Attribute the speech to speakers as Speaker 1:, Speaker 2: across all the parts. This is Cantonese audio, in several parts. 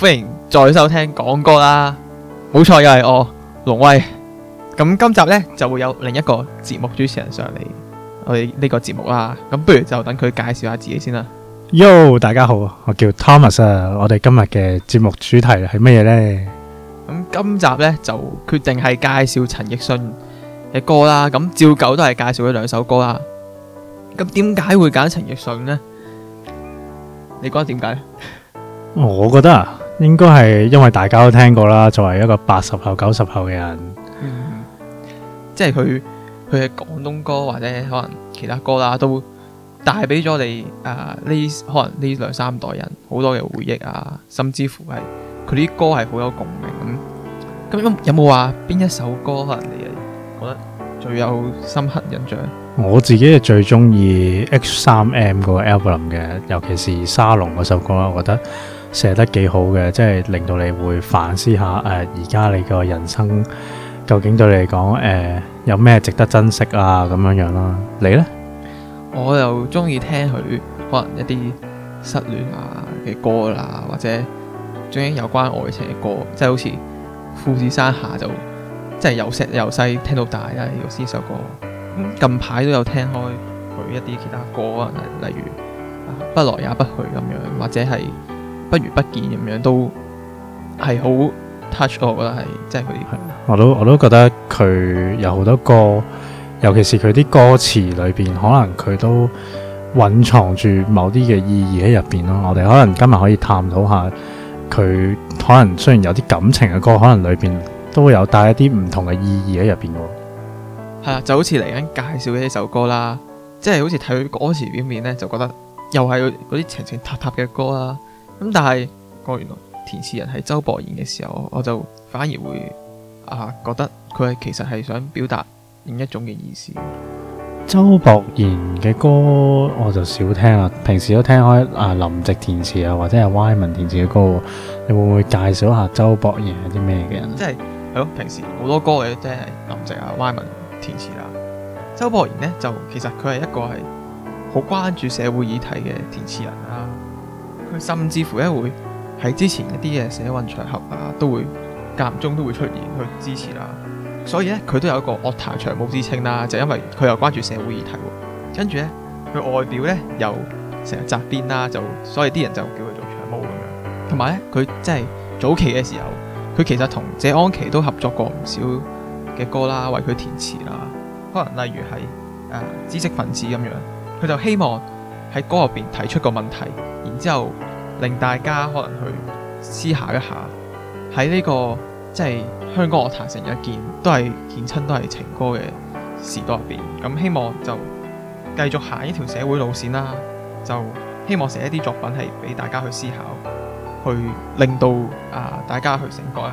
Speaker 1: 歡迎再收聽講歌啦，冇錯又係我龍威。咁今集呢就會有另一個節目主持人上嚟我哋呢個節目啦。咁不如就等佢介紹下自己先啦。
Speaker 2: Yo，大家好，我叫 Thomas 啊。我哋今日嘅節目主題係乜嘢呢？
Speaker 1: 咁今集呢就決定係介紹陳奕迅嘅歌啦。咁照舊都係介紹咗兩首歌啦。咁點解會揀陳奕迅呢？你覺得點解？
Speaker 2: 我覺得啊。應該係因為大家都聽過啦，作為一個八十後、九十後嘅人，嗯、
Speaker 1: 即係佢佢嘅廣東歌或者可能其他歌啦，都帶俾咗你。誒、呃、呢可能呢兩三代人好多嘅回憶啊，甚至乎係佢啲歌係好有共鳴咁。咁有冇話邊一首歌可能你係覺得最有深刻印象？
Speaker 2: 我自己係最中意 H 三 M 嗰個 album 嘅，尤其是沙龍嗰首歌啦，我覺得。寫得幾好嘅，即係令到你會反思下誒，呃、而家你個人生究竟對你嚟講誒有咩值得珍惜啊咁樣樣啦。你呢？
Speaker 1: 我又中意聽佢可能一啲失戀啊嘅歌啦，或者總之有關愛情嘅歌，即係好似《富士山下》就即係由細由細聽到大啦呢首歌。近排都有聽開佢一啲其他歌啊，例如、啊《不來也不去》咁樣，或者係。不如不見，咁樣都係好 touch，我覺得係，即係佢，啲。
Speaker 2: 我都我都覺得佢有好多歌，尤其是佢啲歌詞裏邊，可能佢都隱藏住某啲嘅意義喺入邊咯。我哋可能今日可以探討下佢，可能雖然有啲感情嘅歌，可能裏邊都有帶一啲唔同嘅意義喺入邊嘅。
Speaker 1: 係啊，就好似嚟緊介紹嘅呢首歌啦，即係好似睇佢歌詞表面呢，就覺得又係嗰啲情情塔塔嘅歌啦。咁但係歌原來填詞人係周博賢嘅時候，我就反而會啊覺得佢係其實係想表達另一種嘅意思。
Speaker 2: 周博賢嘅歌我就少聽啦，平時都聽開啊林夕填詞啊或者係歪文填詞嘅歌，你會唔會介紹下周博賢係啲咩嘅人？嗯？即
Speaker 1: 係係咯，平時好多歌嘅都係林夕啊歪文填詞啦。周博賢呢，就其實佢係一個係好關注社會議題嘅填詞人啊。佢甚至乎咧會喺之前一啲嘅社運場合啊，都會間中都會出現去支持啦、啊。所以咧，佢都有一個樂壇長毛之稱啦、啊，就因為佢又關注社會議題喎。跟住咧，佢外表咧又成日紮辮啦，就所以啲人就叫佢做長毛咁樣。同埋咧，佢即係早期嘅時候，佢其實同謝安琪都合作過唔少嘅歌啦、啊，為佢填詞啦、啊。可能例如係、呃、知識分子咁樣，佢就希望，喺歌入邊提出個問題，然之後令大家可能去思考一下。喺呢個即係香港樂壇成日見，都係見親都係情歌嘅時代入邊。咁希望就繼續行呢條社會路線啦。就希望寫一啲作品係俾大家去思考，去令到啊大家去醒覺一下。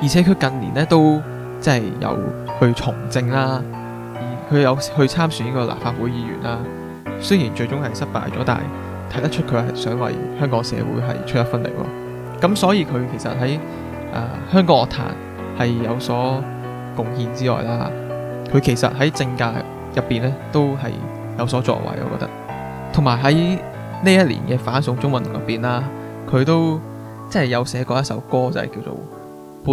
Speaker 1: 而且佢近年呢都即係有去從政啦，佢有去參選呢個立法會議員啦。雖然最終係失敗咗，但係睇得出佢係想為香港社會係出一分力咯。咁所以佢其實喺誒、呃、香港樂壇係有所貢獻之外啦，佢其實喺政界入邊咧都係有所作為，我覺得。同埋喺呢一年嘅反送中文入邊啦，佢都即係有寫過一首歌就係、是、叫做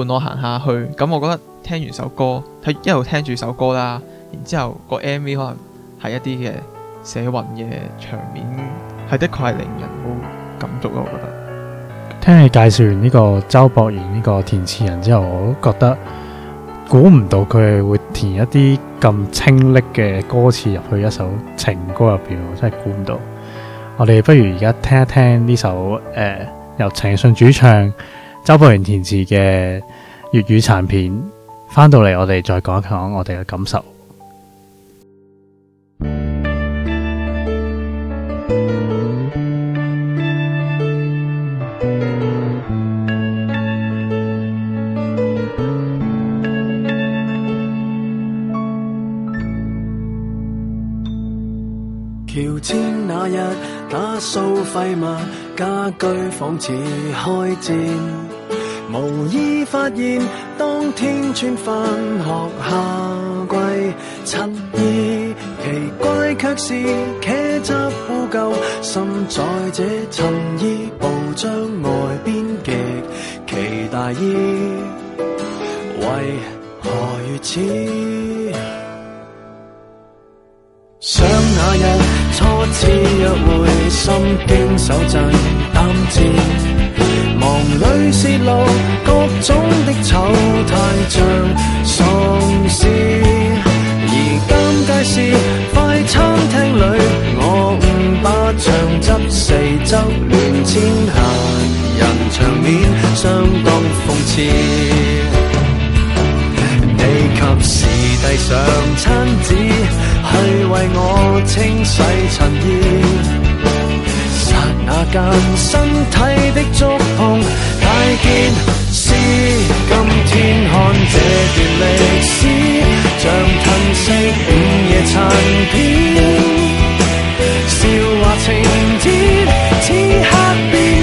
Speaker 1: 《伴我行下去》。咁我覺得聽完首歌，喺一路聽住首歌啦，然之後個 MV 可能係一啲嘅。寫云嘅場面係的確係令人好感觸咯，我覺得。
Speaker 2: 聽你介紹完呢個周博賢呢個填詞人之後，我都覺得估唔到佢會填一啲咁清瀝嘅歌詞入去一首情歌入邊，我真係估唔到。我哋不如而家聽一聽呢首誒、呃、由陳奕迅主唱、周博賢填詞嘅粵語殘片，翻到嚟我哋再講一講我哋嘅感受。
Speaker 3: 打掃廢物，家居仿似開戰。無意發現，當天穿返學夏季襯衣，奇怪卻是茄汁污垢。滲在這襯衣，布上外邊極其大意，為何如此？想那日。初次約會，心驚手震膽戰，忙裡泄露各種的醜態，像喪屍。而尷尬是快餐廳裡，我誤把醬汁四周亂濺，行人場面相當諷刺。遞上餐紙去為我清洗襯衣，剎那間身體的觸碰，大件事。今天看這段歷史，像褪色午夜殘片，笑話情節此刻變。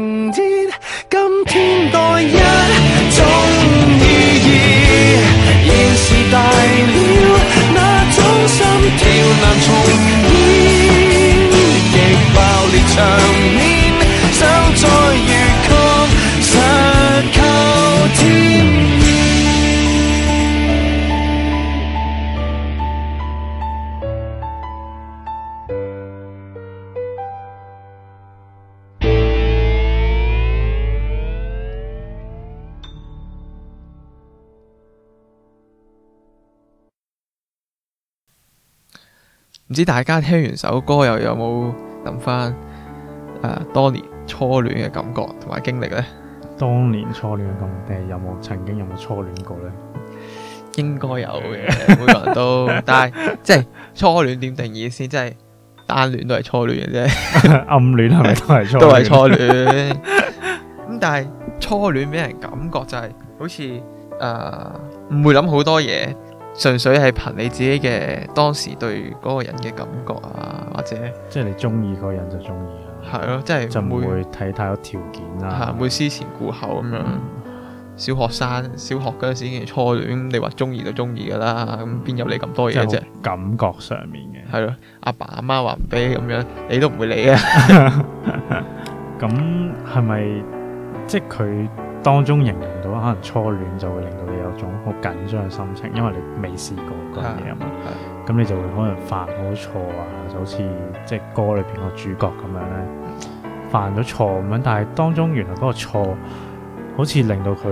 Speaker 1: 唔知大家聽完首歌又有冇諗翻，誒，當年初戀嘅感覺同埋經歷呢？
Speaker 2: 當年初戀嘅感覺，定係有冇曾經有冇初戀過呢？
Speaker 1: 應該有嘅，每個人都，但係即係初戀點定義先？即係單戀都係初戀嘅啫，暗戀係咪都係初戀？都係初戀。咁但係初戀俾人感覺就係好似誒，唔會諗好多嘢。純粹係憑你自己嘅當時對嗰個人嘅感覺啊，或者
Speaker 2: 即係你中意嗰個人就中意啊，
Speaker 1: 係咯，即係就唔會睇太多條件啦、啊，吓唔會思前顧後咁樣、嗯小。小學生小學嗰陣時已經初戀，你話中意就中意噶啦，咁邊有你咁多嘢啫？感覺上面嘅係咯，阿、啊、爸阿媽話唔俾咁樣，你都唔會理啊。咁
Speaker 2: 係咪即係佢當中仍？可能初戀就會令到你有種好緊張嘅心情，因為你未試過嗰樣嘢啊嘛，咁你就會可能犯好多錯啊，就好似即係歌裏邊個主角咁樣咧，犯咗錯咁樣，但係當中原來嗰個錯，好似令到佢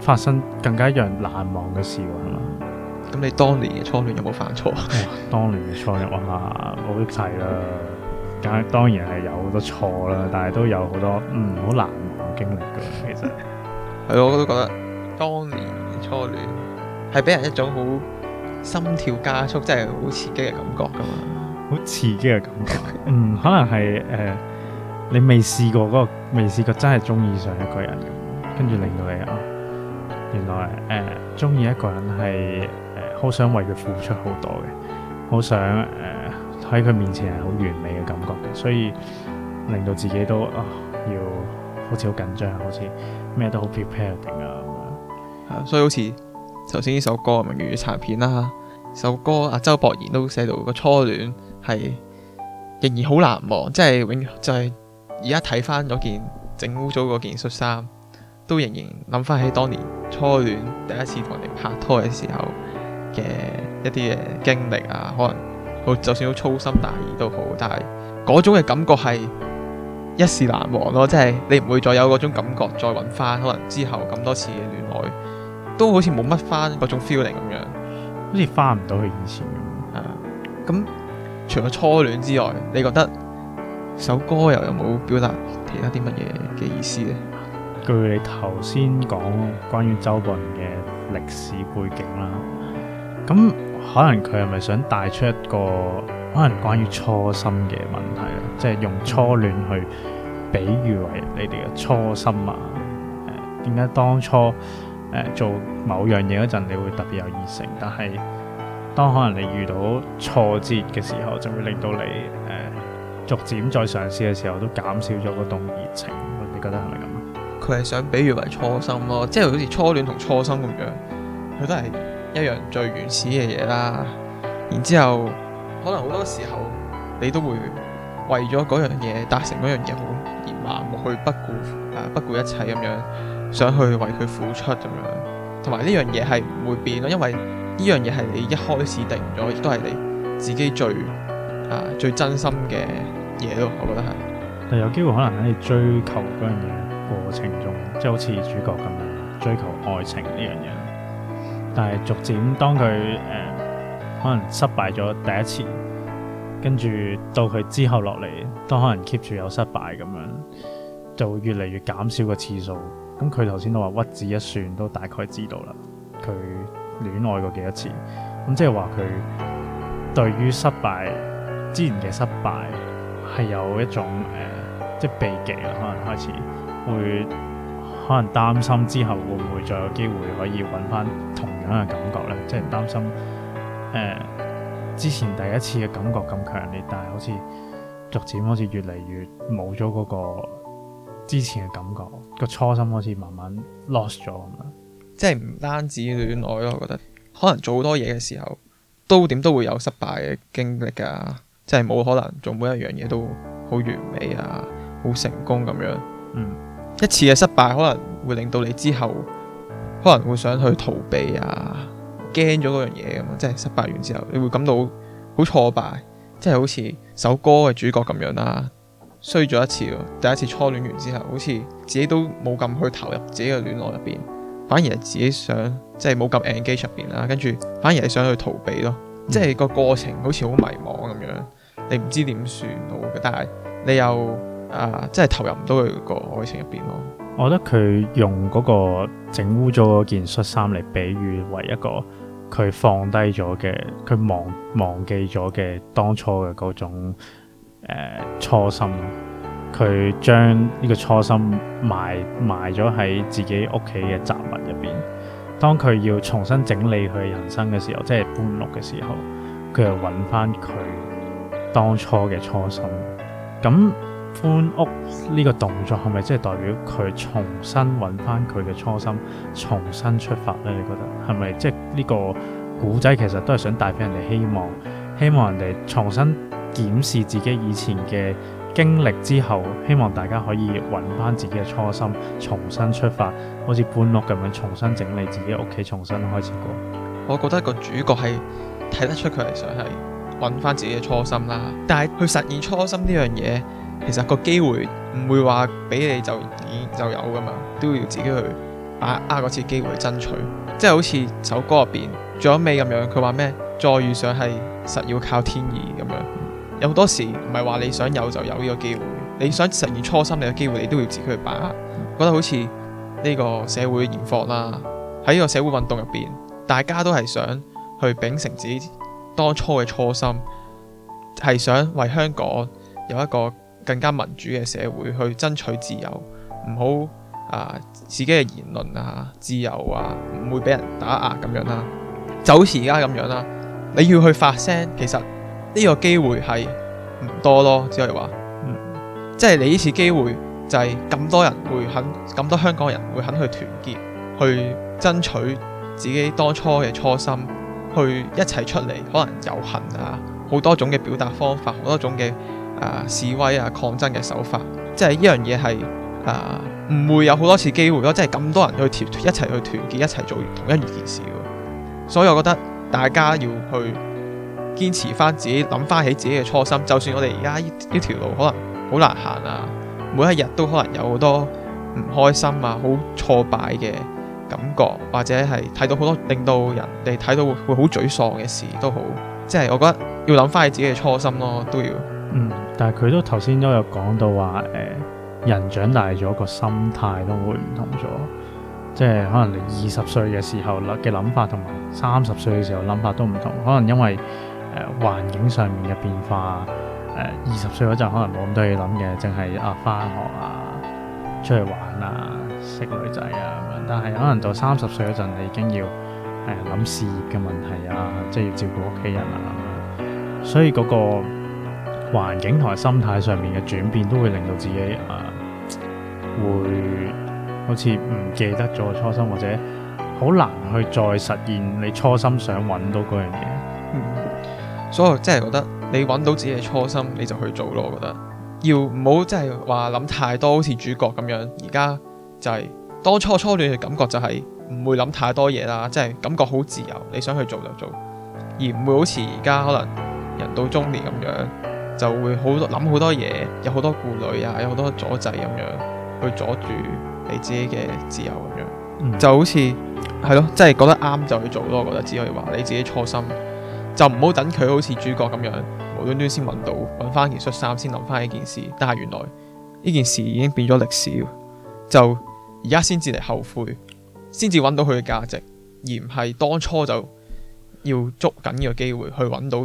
Speaker 2: 發生更加一樣難忘嘅事喎，係嘛？咁你當年嘅初戀有冇犯錯啊？ 當年嘅初戀哇，冇一齊啦，咁當然係有好多錯啦，但係都有好多嗯好
Speaker 1: 難忘經歷噶，其實。係，我都覺得當年嘅初戀係俾人一種好心跳加速，即係好刺激嘅感覺噶嘛。
Speaker 2: 好刺激嘅感覺。 嗯，可能係誒、呃，你未試過嗰、那個，未試過真係中意上一個人，跟住令到你啊、哦，原來誒，中、呃、意一個人係誒，好、呃、想為佢付出好多嘅，好想誒喺佢面前係好完美嘅感覺嘅，所以令到自己都啊、呃，要
Speaker 1: 好似好緊張，好似。好咩都好 prepare 定啊咁樣，所以好似頭先呢首歌《粵語殘片》啦，首歌阿周博賢都寫到個初戀係仍然好難忘，即係永就係而家睇翻嗰件整污糟嗰件恤衫，都仍然諗翻起當年初戀第一次同人哋拍拖嘅時候嘅一啲嘅經歷啊，可能好就算好粗心大意都好，但係嗰種嘅感覺係。一時難忘咯，即係你唔會再有嗰種感覺再，再揾翻可能之後咁多次嘅戀愛，都好似冇乜翻嗰種 feeling 咁樣，好似翻唔到去以前咁。啊，咁除咗初戀之外，你覺得首歌又有冇表達其他啲乜嘢嘅意思呢？據你頭先講關於周柏仁嘅歷史
Speaker 2: 背景啦，咁可能佢係咪想帶出一個？可能關於初心嘅問題啦，即係用初戀去比喻為你哋嘅初心啊？點、呃、解當初、呃、做某樣嘢嗰陣，你會特別有熱誠，但係當可能你遇到挫折嘅時候，就會令到你、呃、逐漸再嘗試嘅時候都減少咗嗰種熱情？你覺
Speaker 1: 得係咪咁啊？佢係想比喻為初心咯，即、就、係、是、好似初戀同初心咁樣，佢都係一樣最原始嘅嘢啦。然之後。可能好多時候你都會為咗嗰樣嘢達成嗰樣嘢好而盲目去不顧誒、啊、不顧一切咁樣想去為佢付出咁樣，同埋呢樣嘢係唔會變咯，因為呢樣嘢係你一開始定咗，亦都係你自己最啊最真心嘅嘢咯，我覺得係。
Speaker 2: 但有機會可能喺你追求嗰樣嘢過程中，即係好似主角咁樣追求愛
Speaker 1: 情呢樣嘢，
Speaker 2: 但係逐漸當佢誒。呃可能失敗咗第一次，跟住到佢之後落嚟，都可能 keep 住有失敗咁樣，就會越嚟越減少個次數。咁佢頭先都話屈指一算，都大概知道啦，佢戀愛過幾多次。咁即係話佢對於失敗之前嘅失敗係有一種誒、呃，即係避忌啦。可能開始會可能擔心之後會唔會再有機會可以搵返同樣嘅感覺咧，即係擔心。Uh, 之前第一次嘅感覺咁強烈，但係好似逐漸好似越嚟越冇咗嗰個之前嘅感覺，個初心好似慢慢 lost 咗咁樣。
Speaker 1: 即係唔單止戀愛咯，我覺得可能做好多嘢嘅時候，都點都會有失敗嘅經歷㗎！即係冇可能做每一樣嘢都好完美啊，好成功咁樣。嗯，一次嘅失敗可能會令到你之後可能會想去逃避啊。驚咗嗰樣嘢咁啊，即係失敗完之後，你會感到好挫敗，即係好似首歌嘅主角咁樣啦，衰咗一次咯。第一次初戀完之後，好似自己都冇咁去投入自己嘅戀愛入邊，反而係自己想即係冇咁 engage 入邊啦，跟住反而係想去逃避咯，嗯、即係個過程好似好迷茫咁樣，你唔知點算好。但係你又啊，即係投入唔到佢個愛情入邊咯。
Speaker 2: 我覺得佢用嗰個整污咗嗰件恤衫嚟比喻為一個。佢放低咗嘅，佢忘忘記咗嘅當初嘅嗰種，誒、呃、初心，佢將呢個初心埋埋咗喺自己屋企嘅雜物入邊。當佢要重新整理佢人生嘅時候，即係搬屋嘅時候，佢又揾翻佢當初嘅初心。咁搬屋呢個動作係咪即係代表佢重新揾翻佢嘅初心，重新出發呢？你覺得係咪即係呢個古仔其實都係想帶俾人哋希望，希望人哋重新檢視自己以前嘅經歷之後，希望大家可以揾翻自己嘅初心，重新出發，好似搬屋咁樣重新整理自己屋企，重新開始過。
Speaker 1: 我覺得個主角係睇得出佢係想係揾翻自己嘅初心啦，但係去實現初心呢樣嘢。其實個機會唔會話俾你就已經就有噶嘛，都要自己去把握嗰次機會去爭取。即係好似首歌入邊，仲有尾咁樣，佢話咩？再遇上係實要靠天意咁樣。嗯、有好多時唔係話你想有就有呢個機會，你想實現初心你個機會，你嘅機會你都要自己去把握。嗯、覺得好似呢個社會現況啦，喺呢個社會運動入邊，大家都係想去秉承自己當初嘅初心，係想為香港有一個。更加民主嘅社會去爭取自由，唔好啊自己嘅言論啊自由啊唔會俾人打壓咁樣啦，就好似而家咁樣啦。你要去發聲，其實呢個機會係唔多咯，只係話，嗯，即係你呢次機會就係咁多人會肯，咁多香港人會肯去團結，去爭取自己當初嘅初心，去一齊出嚟可能遊行啊，好多種嘅表達方法，好多種嘅。啊示威啊抗爭嘅手法，即係呢樣嘢係啊唔會有好多次機會咯，即係咁多人去團一齊去團結一齊做同一件事，所以我覺得大家要去堅持翻自己諗翻起自己嘅初心，就算我哋而家呢條路可能好難行啊，每一日都可能有好多唔開心啊，好挫敗嘅感覺，或者係睇到好多令到人哋睇到會好沮喪嘅事都好，即係我覺得要諗翻起自己嘅初心咯，都要。
Speaker 2: 嗯，但係佢都頭先都有講到話，誒、呃，人長大咗個心態都會唔同咗，即係可能你二十歲嘅時候嘅諗法，同埋三十歲嘅時候諗法都唔同，可能因為誒、呃、環境上面嘅變化，誒二十歲嗰陣可能冇咁多嘢諗嘅，淨係啊返學啊，出去玩啊，識女仔啊咁樣，但係可能到三十歲嗰陣，你已經要誒諗、呃、事業嘅問題啊，即係要照顧屋企人啊，所以嗰、那個。環境同埋心態上面嘅轉變，都會令到自己啊，會好似唔記得咗初心，或者好難去再實現
Speaker 1: 你初心想揾到嗰樣嘢、嗯。所以我真係覺得你揾到自己嘅初心，你就去做咯。我覺得要唔好即係話諗太多，好似主角咁樣。而家就係當初初戀嘅感覺就，就係唔會諗太多嘢啦，即係感覺好自由，你想去做就做，而唔會好似而家可能人到中年咁樣。就會好諗好多嘢，有好多顧慮啊，有好多阻滯咁、啊、樣，去阻住你自己嘅自由咁、啊、樣。嗯、就好似係咯，即係覺得啱就去做咯。我覺得只可以話你自己初心，就唔好等佢好似主角咁樣，無端端先揾到，揾翻件恤衫先諗翻呢件事。但係原來呢件事已經變咗歷史，就而家先至嚟後悔，先至揾到佢嘅價值，而唔係當初就要捉緊呢個機會去揾到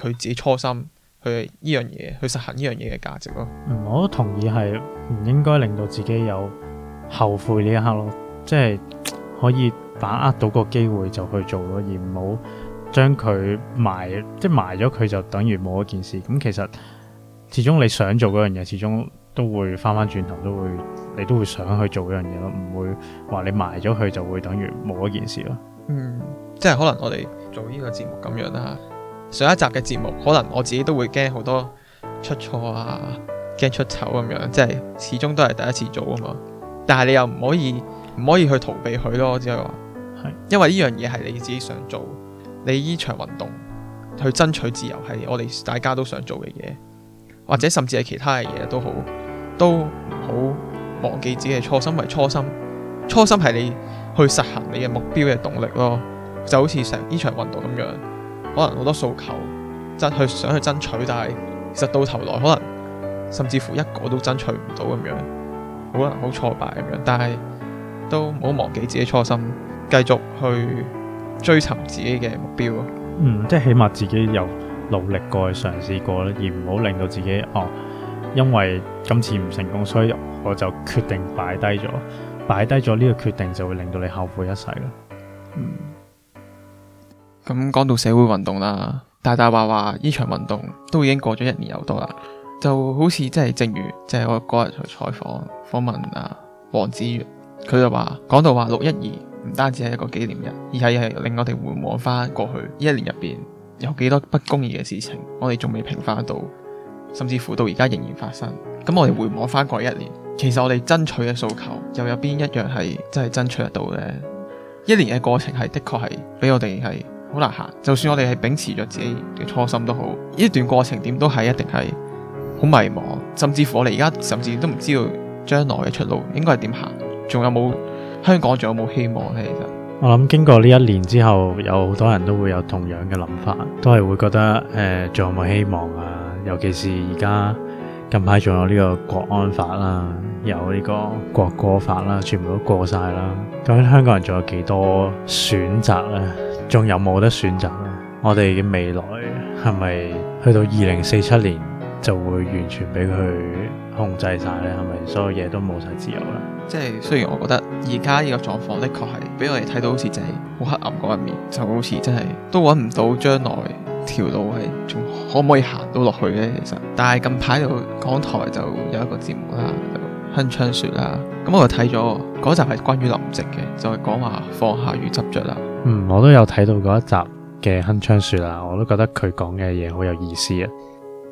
Speaker 1: 佢自己初心。佢呢樣嘢去實行呢樣嘢嘅價值咯、
Speaker 2: 啊。嗯，我都同意係唔應該令到自己有後悔呢一刻咯。即係可以把握到個機會就去做咯，而唔好將佢埋，即係埋咗佢就等於冇一件事。咁其實始終你想做嗰樣嘢，始終都會返返轉頭，都會你都會想去做嗰樣嘢咯。唔會話你埋咗佢就會等於冇一件事咯。嗯，
Speaker 1: 即係可能我哋做呢個節目咁樣啦、啊。上一集嘅節目，可能我自己都會驚好多出錯啊，驚出醜咁樣，即係始終都係第一次做啊嘛。但係你又唔可以唔可以去逃避佢咯，只係話，是因為呢樣嘢係你自己想做，你呢場運動去爭取自由係我哋大家都想做嘅嘢，或者甚至係其他嘅嘢都好，都唔好忘記自己嘅初心為初心，初心係你去實行你嘅目標嘅動力咯，就好似成呢場運動咁樣。可能好多訴求，真去想去爭取，但係其實到頭來可能甚至乎一個都爭取唔到咁樣，好難好挫敗咁樣。但係都唔好忘記自己初心，繼續去追尋自己嘅目標。嗯，即係起碼自己有努力過去嘗試過，
Speaker 2: 而唔好令到自己哦，因為今次唔成功，所以我就決定
Speaker 1: 擺低咗，擺低咗呢個決定就會令到你後悔一世啦。嗯。咁講到社會運動啦，大大話話呢場運動都已經過咗一年有多啦，就好似即係正如即係我嗰日去採訪訪問啊黃子瑜，佢就話講到話六一二唔單止係一個紀念日，而係係令我哋回望翻過去呢一年入邊有幾多不公義嘅事情，我哋仲未平反到，甚至乎到而家仍然發生。咁我哋回望翻過去一年，其實我哋爭取嘅訴求又有邊一樣係真係爭取得到呢？一年嘅過程係的確係俾我哋係。好難行，就算我哋係秉持咗自己嘅初心都好，呢一段過程點都係一定係好迷茫，甚至乎我哋而家甚至都唔知道將來嘅出路應該係點行，仲有冇香港仲有冇希望呢？其實
Speaker 2: 我諗經過呢一年之後，有好多人都會有同樣嘅諗法，都係會覺得誒仲、呃、有冇希望啊？尤其是而家近排仲有呢個國安法啦，有呢個國歌法啦，全部都過晒啦，究竟香港人仲有幾多選擇呢？仲有冇得選擇咧？我哋嘅未來係咪去到二零四七年就會完全俾佢控制晒咧？係咪所有嘢都冇晒自由啦？
Speaker 1: 即係雖然我覺得而家呢個狀況的確係俾我哋睇到好似就係好黑暗嗰一面，就好似真係都搵唔到將來條路係仲可唔可以行到落去呢？其實，但係近排度港台就有一個節目啦，就《鏗鏘雪》啦。咁我就睇咗嗰集係關於林夕嘅，就係講話放下與執着啦。
Speaker 2: 嗯，我都有睇到嗰一集嘅鏗鏘說啦，我都覺得佢講嘅嘢好有意思啊。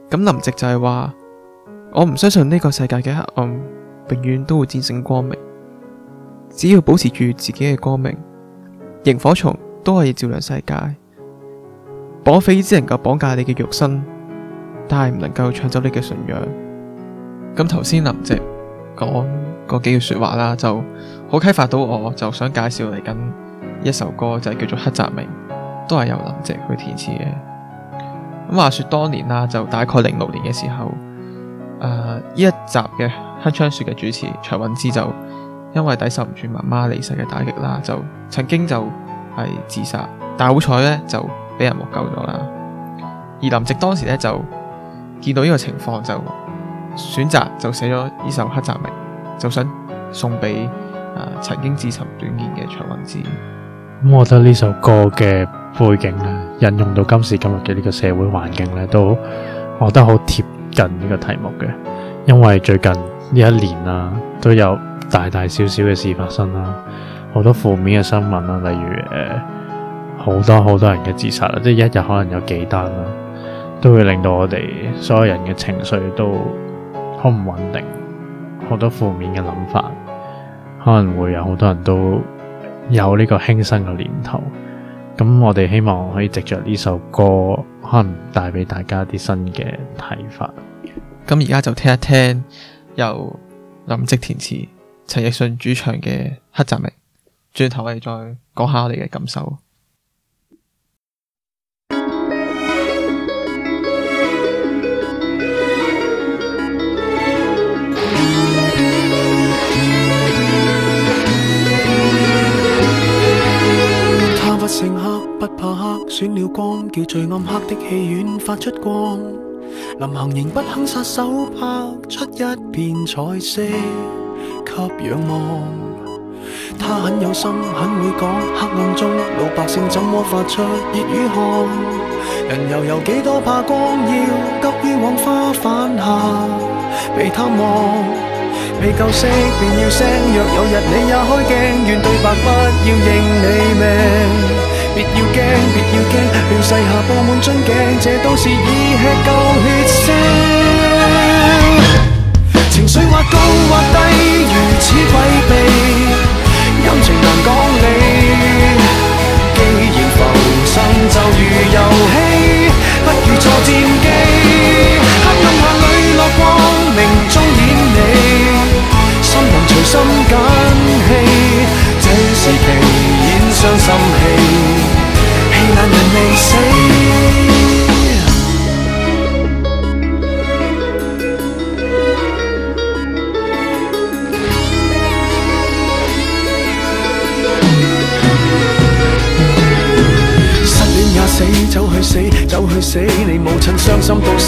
Speaker 1: 咁林夕就係話，我唔相信呢個世界嘅黑暗永遠都會戰勝光明，只要保持住自己嘅光明，螢火蟲都可以照亮世界。綁匪只能夠綁架你嘅肉身，但係唔能夠搶走你嘅信仰。咁頭先林夕講嗰幾句說話啦，就好啟發到我，就想介紹嚟緊一首歌，就係叫做《黑擇明》，都係由林夕去填詞嘅。咁話說當年啦，就大概零六年嘅時候，誒、啊、呢一集嘅《黑槍雪》嘅主持徐韻之就因為抵受唔住媽媽離世嘅打擊啦，就曾經就係自殺，但好彩呢，就俾人獲救咗啦。而林夕當時呢，就見到呢個情況就。選擇就寫咗呢首《黑擇明》，就想送俾、呃、曾經自尋短見嘅卓韻芝。
Speaker 2: 咁我覺得呢首歌嘅背景咧，引用到今時今日嘅呢個社會環境咧，都我覺得好貼近呢個題目嘅。因為最近呢一年啦，啊，都有大大小小嘅事發生啦，好多負面嘅新聞啦，啊，例如誒呃、好多好多人嘅自殺啦，即係一日可能有幾單啦，啊，都會令到我哋所有人嘅情緒都好唔穩定，好多負面嘅諗法，可能會有好多人都有呢個輕生嘅念頭。咁我哋希望可以藉着呢首歌，可能帶俾大家啲新嘅
Speaker 1: 睇法。咁而家就聽一聽由林夕填詞、陳奕迅主唱嘅《黑擇明》，轉頭嚟再講下我哋嘅感受。
Speaker 3: 不勝黑，不怕黑，選了光叫最暗黑的戲院發出光。臨行仍不肯撒手拍，拍出一片彩色給仰望。他很有心，很會講，黑暗中老百姓怎麼發出熱與汗？人又有幾多怕光，要急於往花瓣下被探望。未夠色便要腥，若有日你也開鏡，願對白不要認你命。別要驚，別要驚，亂世下布滿樽頸，這都市已吃夠血腥。 情緒或高或低，如此詭秘，陰晴難講理。既然浮生就如遊戲，不如坐戰機。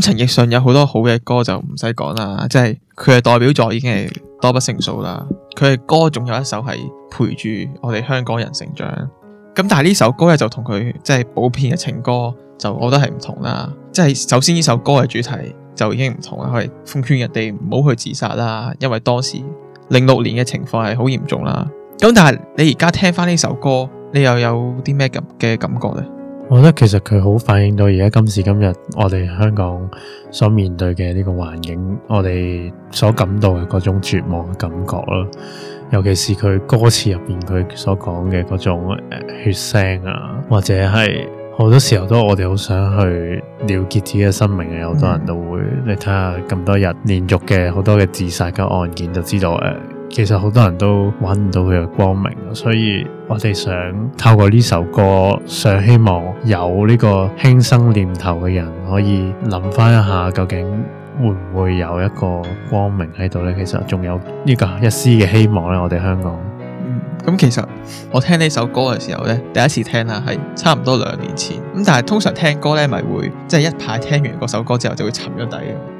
Speaker 1: 陳奕迅有好多好嘅歌就唔使講啦，即係佢嘅代表作已經係多不勝數啦。佢嘅歌仲有一首係陪住我哋香港人成長。咁但係呢首歌咧就同佢即係普遍嘅情歌，就我覺得係唔同啦。即係首先呢首歌嘅主題就已經唔同啦，佢奉勸人哋唔好去自殺啦，因為當時零六年嘅情況係好嚴重啦。咁但係你而家聽翻呢首歌，你又有啲咩咁嘅感覺呢？
Speaker 2: 我覺得其實佢好反映到而家今時今日我哋香港所面對嘅呢個環境，我哋所感到嘅嗰種絕望嘅感覺咯，尤其是佢歌詞入邊佢所講嘅嗰種、呃、血腥啊，或者係好多時候都我哋好想去了結自己嘅生命嘅，好多人都會，你睇下咁多日連續嘅好多嘅自殺嘅案件，就知道誒。呃其實好多人都揾唔到佢嘅光明，所以我哋想透過呢首歌，想希望有呢個輕生念頭嘅人，可以諗翻一下，究竟會唔會有一個光明喺度呢？其實仲有呢個一絲嘅希
Speaker 1: 望呢，我哋香港。咁其實我聽呢首歌嘅時候呢，第一次聽啦，係差唔多兩年前。咁但係通常聽歌呢咪會即係、就是、一排聽完嗰首歌之後，就會沉咗底。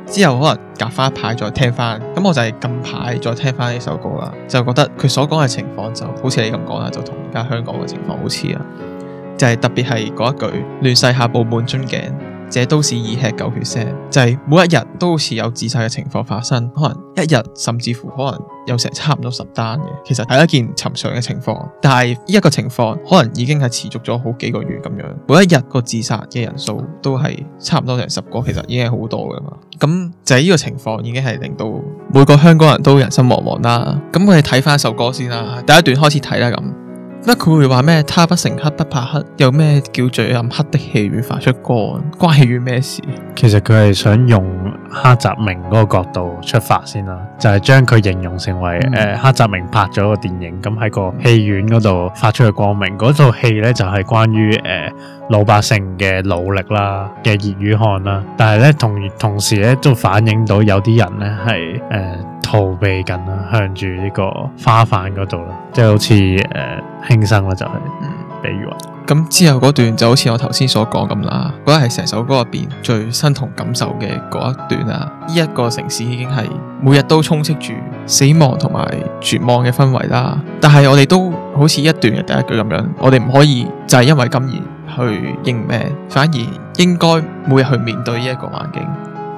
Speaker 1: 之後可能隔翻一排再聽翻，咁我就係近排再聽翻呢首歌啦，就覺得佢所講嘅情況就好似你咁講啦，就同而家香港嘅情況好似啦，就係、是、特別係嗰一句，亂世下布滿樽頸。這都是以吃狗血些，就係、是、每一日都好似有自殺嘅情況發生，可能一日甚至乎可能有成差唔多十單嘅，其實係一件尋常嘅情況。但係呢一個情況可能已經係持續咗好幾個月咁樣，每一日個自殺嘅人數都係差唔多成十個，其實已經係好多㗎嘛。咁就係呢個情況已經係令到每個香港人都人心惶惶啦。咁我哋睇返首歌先啦，第一段開始睇啦咁。乜佢會話咩？他不成黑不怕黑，有咩叫罪暗黑的戲院發出光？關戲院咩事？
Speaker 2: 其實佢係想用黑澤明嗰個角度出發先啦，就係、是、將佢形容成為誒、嗯呃、黑澤明拍咗個電影，咁喺個戲院嗰度發出嘅光明。嗰套、嗯、戲呢，就係、是、關於誒、呃、老百姓嘅努力啦，嘅熱與汗啦。但係呢，同同時咧都反映到有啲人呢係誒。逃避緊啦，向住呢個
Speaker 1: 花瓣嗰度啦，即係好似誒輕生啦，就係、是，嗯、比如話，咁之後嗰段就好似我頭先所講咁啦，嗰係成首歌入邊最身同感受嘅嗰一段啊，呢、這、一個城市已經係每日都充斥住死亡同埋絕望嘅氛圍啦，但係我哋都好似一段嘅第一句咁樣，我哋唔可以就係因為咁而去認命，反而應該每日去面對呢一個環境。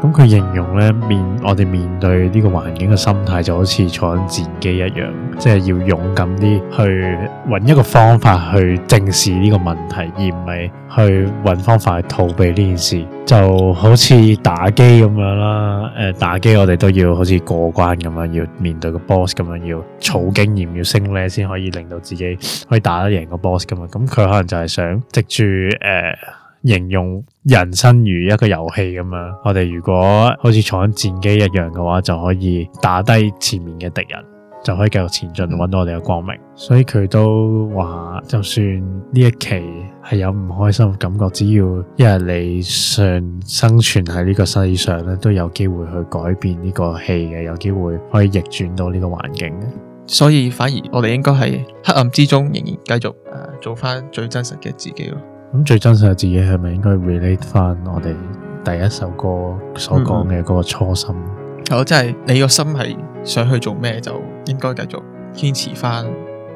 Speaker 2: 咁佢形容咧，面我哋面對呢個環境嘅心態就好似坐緊戰機一樣，即係要勇敢啲去搵一個方法去正視呢個問題，而唔係去搵方法去逃避呢件事。就好似打機咁樣啦，誒、呃，打機我哋都要好似過關咁樣，要面對個 boss 咁樣，要儲經驗，要升 level 先可以令到自己可以打得贏個 boss 咁樣。咁、嗯、佢可能就係想藉住誒。呃形容人生如一個遊戲咁樣， 我哋如果好似坐緊戰機一樣嘅話，就可以打低前面嘅敵人，就可以繼續前進，揾到我哋嘅光明。嗯、所以佢都話，就算呢一期係有唔開心嘅感覺，只要一日你想生存喺呢個世上咧，都有機會去改變呢個戲嘅，有機會可以逆轉到呢個環境
Speaker 1: 嘅。所以反而我哋應該喺黑暗之中，仍然繼續、呃、做翻最真實嘅自己咯。
Speaker 2: 咁最真實嘅自己係咪應該 relate 翻我哋第一首歌所講嘅嗰個初心？
Speaker 1: 係我即係你個心係想去做咩，就應該繼續堅持翻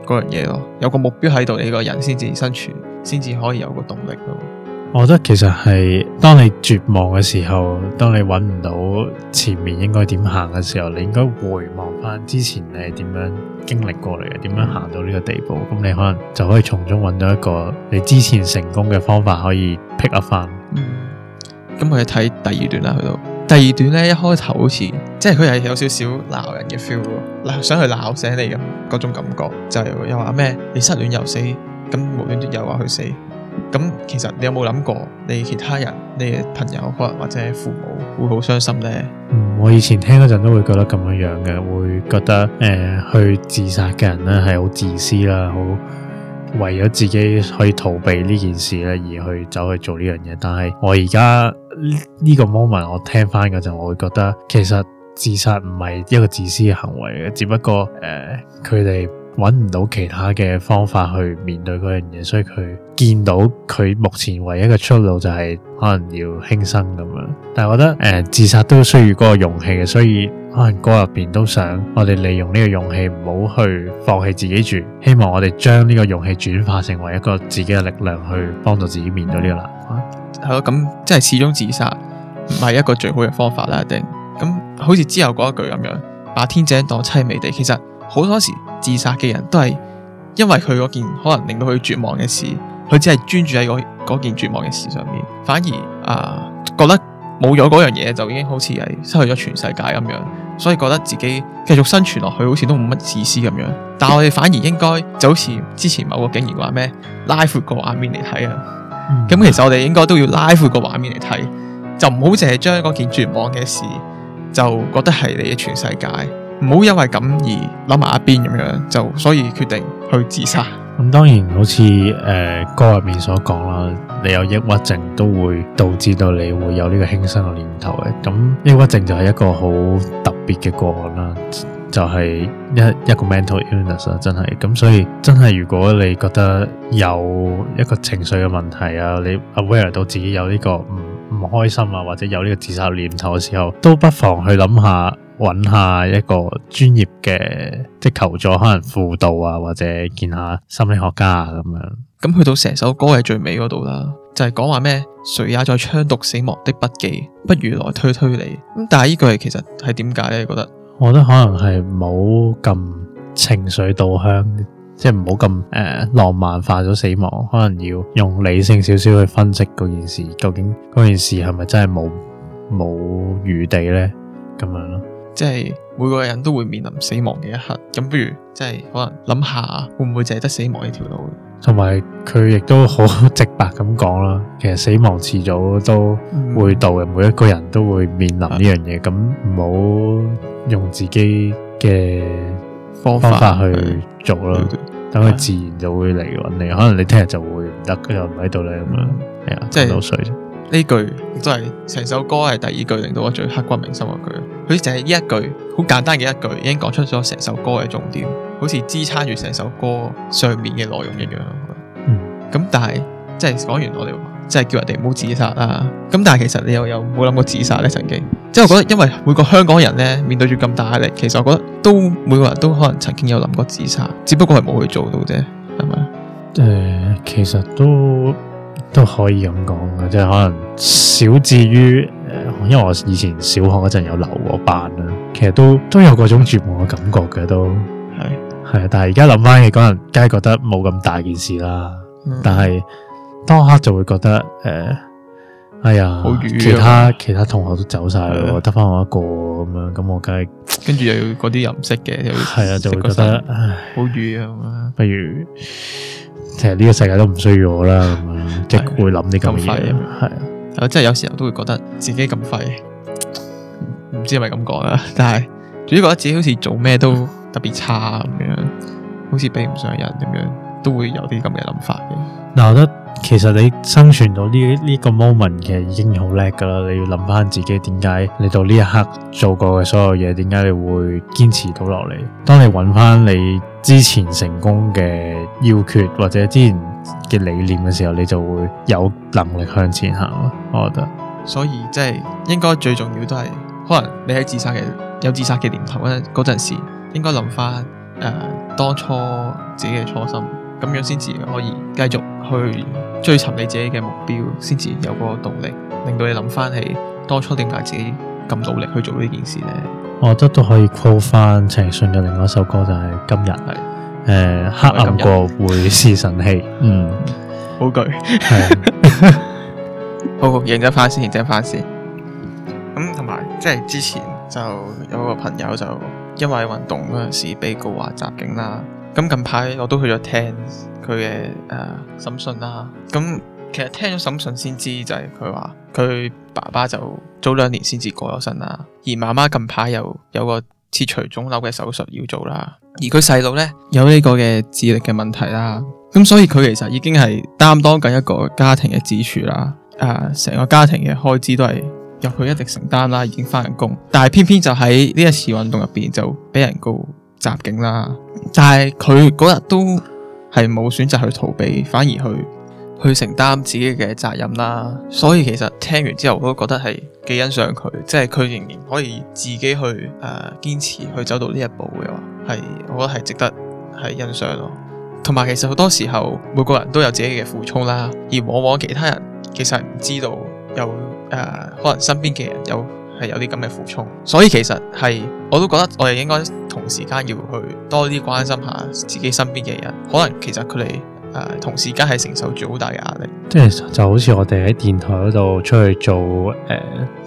Speaker 1: 嗰樣嘢咯。有個目標喺度，你個人先至生存，先至可以有個動力咯。
Speaker 2: 我覺得其實係當你絕望嘅時候，當你揾唔到前面應該點行嘅時候，你應該回望翻之前你係點樣經歷過嚟嘅，點樣行到呢個地步，咁你可能就可以從中揾到一個你之前
Speaker 1: 成功嘅方法，可以 pick up 翻、嗯。咁我哋睇第二段啦，去到第二段呢，一開頭好似即係佢係有少少鬧人嘅 feel 想去鬧醒你咁嗰種感覺，就是、又話咩你失戀又死，咁無端端又話去死。咁其實你有冇諗過，你其他人、你朋友可能或者父母會好傷心呢？嗯，
Speaker 2: 我以前聽嗰陣都會覺得咁樣樣嘅，會覺得誒、呃，去自殺嘅人咧係好自私啦，好為咗自己去逃避呢件事咧而去走去做呢樣嘢。但係我而家呢個 moment 我聽翻嗰陣，我會覺得其實自殺唔係一個自私嘅行為嘅，只不過誒佢哋。呃搵唔到其他嘅方法去面對嗰樣嘢，所以佢見到佢目前唯一嘅出路就係可能要輕生咁樣。但係我覺得誒、呃，自殺都需要嗰個勇氣嘅，所以可能歌入邊都想我哋利用呢個勇氣，唔好去放棄自己住。希望我哋將呢個勇氣轉化成為一個自己嘅力量，去幫助自己面對呢個難關。
Speaker 1: 係咯、嗯，咁即係始終自殺唔係一個最好嘅方法啦，一定。咁、嗯、好似之後嗰一句咁樣，把天井當淒美地，其實。好多時自殺嘅人都係因為佢嗰件可能令到佢絕望嘅事，佢只係專注喺嗰件絕望嘅事上面，反而啊、呃、覺得冇咗嗰樣嘢就已經好似係失去咗全世界咁樣，所以覺得自己繼續生存落去好似都冇乜意思咁樣。但係我哋反而應該就好似之前某個警員話咩，拉闊個畫面嚟睇啊。咁、嗯、其實我哋應該都要拉闊個畫面嚟睇，就唔好淨係將嗰件絕望嘅事就覺得係你嘅全世界。唔好因為咁而諗埋一邊咁樣，就所以決定去自殺。
Speaker 2: 咁當然，好似誒歌入面所講啦，你有抑鬱症都會導致到你會有呢個輕生嘅念頭嘅。咁抑鬱症就係一個好特別嘅個案啦，就係一一個 mental illness 真係。咁所以真係，如果你覺得有一個情緒嘅問題啊，你 aware 到自己有呢個唔唔開心啊，或者有呢個自殺念頭嘅時候，都不妨去諗下。揾下一個專業嘅，即求助，
Speaker 1: 可能輔導啊，或者見下心理學家啊咁樣。咁去到成首歌嘅最尾嗰度啦，就係、是、講話咩？誰也在槍讀死亡的筆記，不如來推推理。咁但係呢句係其實係點解呢？你覺得
Speaker 2: 我覺得可能係冇咁情緒導向，即係唔好咁誒浪漫化咗死亡，可能要用理性少少去分析嗰件事，究竟嗰件事係咪真係冇冇餘地呢？
Speaker 1: 咁樣咯。即係每個人都會面臨死亡嘅一刻，咁不如即係可能諗下，會唔會淨係得死亡呢條路？
Speaker 2: 同埋佢亦都好直白咁講啦，其實死亡遲早都會到嘅，嗯、每一個人都會面臨呢樣嘢，咁唔好用自己嘅方法去做咯，等佢、嗯嗯、自然就會嚟揾你，嗯、可能你聽日就會唔得，佢又唔喺度咧咁樣，係啊、嗯，即係老水。
Speaker 1: 呢句亦都係成首歌係第二句令到我最刻骨銘心嘅句，佢就係呢一句好簡單嘅一句，已經講出咗成首歌嘅重點，好似支撐住成首歌上面嘅內容一樣咁、嗯、咁但係即係講完我哋，即係叫人哋唔好自殺啦。咁但係其實你又有冇諗過自殺呢？曾經，即係我覺得，因為每個香港人呢，面對住咁大壓力，其實我覺得都每個人都可能曾經有諗過自殺，只不過係冇去做到啫，係咪？誒、呃，其實都。
Speaker 2: 都可以咁講嘅，即係可能少至於誒、呃，因為我以前小學嗰陣有留過班啦，其實都都有嗰種絕望嘅感覺嘅，都係係啊，但係而家諗翻起嗰陣，梗係覺得冇咁大件事啦，嗯、但係當刻就會覺得誒、呃，哎呀，其他其他同學都走晒咯，得翻我一個咁樣，咁我梗係。
Speaker 1: 跟住又要嗰啲又唔識嘅、係啊，就會覺得好瘀啊，
Speaker 2: 唉不如其實呢個世界都唔需要我啦，咁唉啊，即係會諗啲咁嘅嘢。
Speaker 1: 係啊，係咯，即係有時候都會覺得自己咁廢，唔知係咪咁講啊？但係總之覺得自己好似做咩都特別差咁、嗯、樣，好似比唔上人咁樣。都會有啲咁嘅諗法嘅。
Speaker 2: 嗱，我覺得其實你生存到呢呢個 moment 其實已經好叻噶啦。你要諗翻自己點解你到呢一刻做過嘅所有嘢，點解你會堅持到落嚟？當你揾翻你之前成功嘅要訣或者之前嘅理念嘅時候，你就會有能力向前行咯。我覺得，
Speaker 1: 所以即係、就是、應該最重要都係，可能你喺自殺嘅有自殺嘅念頭嗰陣嗰陣時，應該諗翻、呃、當初自己嘅初心。咁樣先至可以繼續去追尋你自己嘅目標，先至有嗰個動力，令到你諗翻起當初點解自己咁努力去做呢件事呢。
Speaker 2: 我覺得都可以 call 翻陳奕迅嘅另外一首歌就係今日，係誒是、呃、黑暗過會是神器， 嗯，
Speaker 1: 好攰， 好，認真翻先，認真翻先。咁同埋即係之前就有個朋友就因為運動嗰陣時被告話襲警啦。咁近排我都去咗聽佢嘅誒審訊啦，咁、嗯、其實聽咗審訊先知就係佢話佢爸爸就早兩年先至過咗身啦，而媽媽近排又有個切除腫瘤嘅手術要做啦，而佢細佬咧有呢個嘅智力嘅問題啦，咁所以佢其實已經係擔當緊一個家庭嘅支柱啦，誒、呃、成個家庭嘅開支都係由佢一直承擔啦，已經返緊工，但係偏偏就喺呢一次運動入邊就俾人告情境啦，但係佢嗰日都係冇選擇去逃避，反而去去承擔自己嘅責任啦。所以其實聽完之後我都覺得係幾欣賞佢，即係佢仍然可以自己去誒堅、呃、持去走到呢一步嘅話，係我覺得係值得係欣賞咯。同埋其實好多時候每個人都有自己嘅苦衷啦，而往往其他人其實唔知道有誒、呃、可能身邊嘅人有，係有啲咁嘅苦衷，所以其實係我都覺得我哋應該同時間要去多啲關心下自己身邊嘅人，可能其實佢哋誒同時間係承受住好大嘅壓力，
Speaker 2: 即係就好似我哋喺電台嗰度出去做誒、呃、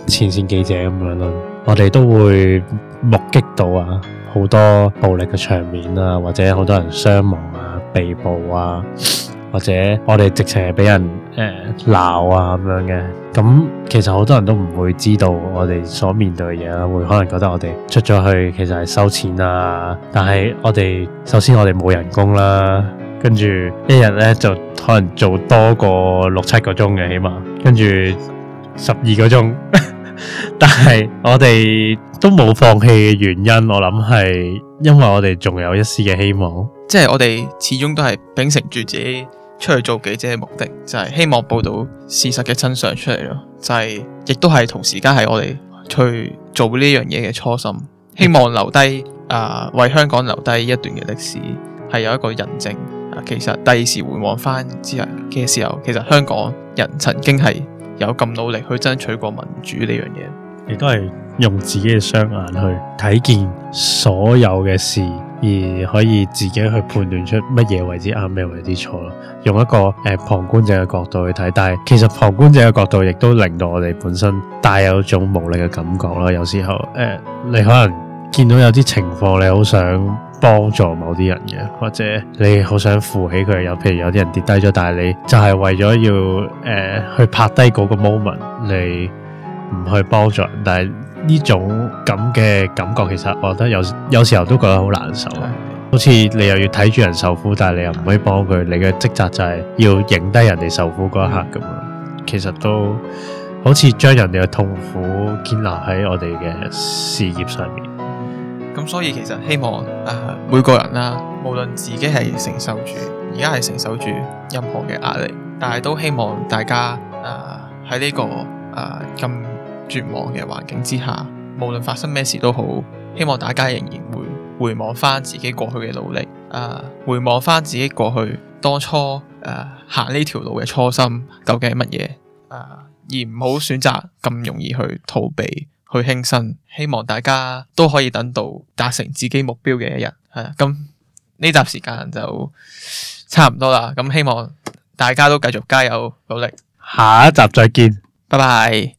Speaker 2: 前線記者咁樣咯，我哋都會目擊到啊好多暴力嘅場面啊，或者好多人傷亡啊、被捕啊。或者我哋直情係俾人誒鬧、呃、啊咁樣嘅，咁、嗯、其實好多人都唔會知道我哋所面對嘅嘢啦，會可能覺得我哋出咗去其實係收錢啊，但係我哋首先我哋冇人工啦，跟住一日呢，就可能做多過六七個鐘嘅起碼，跟住十二個鐘， 但係我哋都冇放棄嘅原因，我諗係因為我哋仲有一絲嘅希望，
Speaker 1: 即係我哋始終都係秉承住自己。出去做記者嘅目的就係、是、希望報道事實嘅真相出嚟咯，就係、是、亦都係同時間係我哋去做呢樣嘢嘅初心，希望留低啊、呃，為香港留低一段嘅歷史，係有一個人證啊。其實第二時回望返之後嘅時候，其實香港人曾經係有咁努力去爭取過民主呢樣嘢，亦都係
Speaker 2: 用自己嘅雙眼去睇見所有嘅事。而可以自己去判斷出乜嘢為之啱，咩為之錯咯。用一個誒、呃、旁觀者嘅角度去睇，但係其實旁觀者嘅角度亦都令到我哋本身帶有種無力嘅感覺咯。有時候誒、呃，你可能見到有啲情況，你好想幫助某啲人嘅，或者你好想扶起佢。又譬如有啲人跌低咗，但係你就係為咗要誒、呃、去拍低嗰個 moment，你唔去幫助，但係。呢種咁嘅感覺，其實我覺得有有時候都覺得好難受，對好似你又要睇住人受苦，但係你又唔可以幫佢，對你嘅職責就係要影低人哋受苦嗰一刻咁，對其實都好似將人哋嘅痛苦建立喺我哋嘅事業上面。
Speaker 1: 咁所以其實希望啊，每個人啦、啊，無論自己係承受住而家係承受住任何嘅壓力，但係都希望大家啊喺呢、這個啊咁。絕望嘅環境之下，無論發生咩事都好，希望大家仍然會回望翻自己過去嘅努力啊、呃，回望翻自己過去當初誒行呢條路嘅初心究竟係乜嘢？而唔好選擇咁容易去逃避去輕生。希望大家都可以等到達成自己目標嘅一日係啦。咁呢集時間就差唔多啦。咁希望大家都繼續加油努力，
Speaker 2: 下一集再見，拜
Speaker 1: 拜。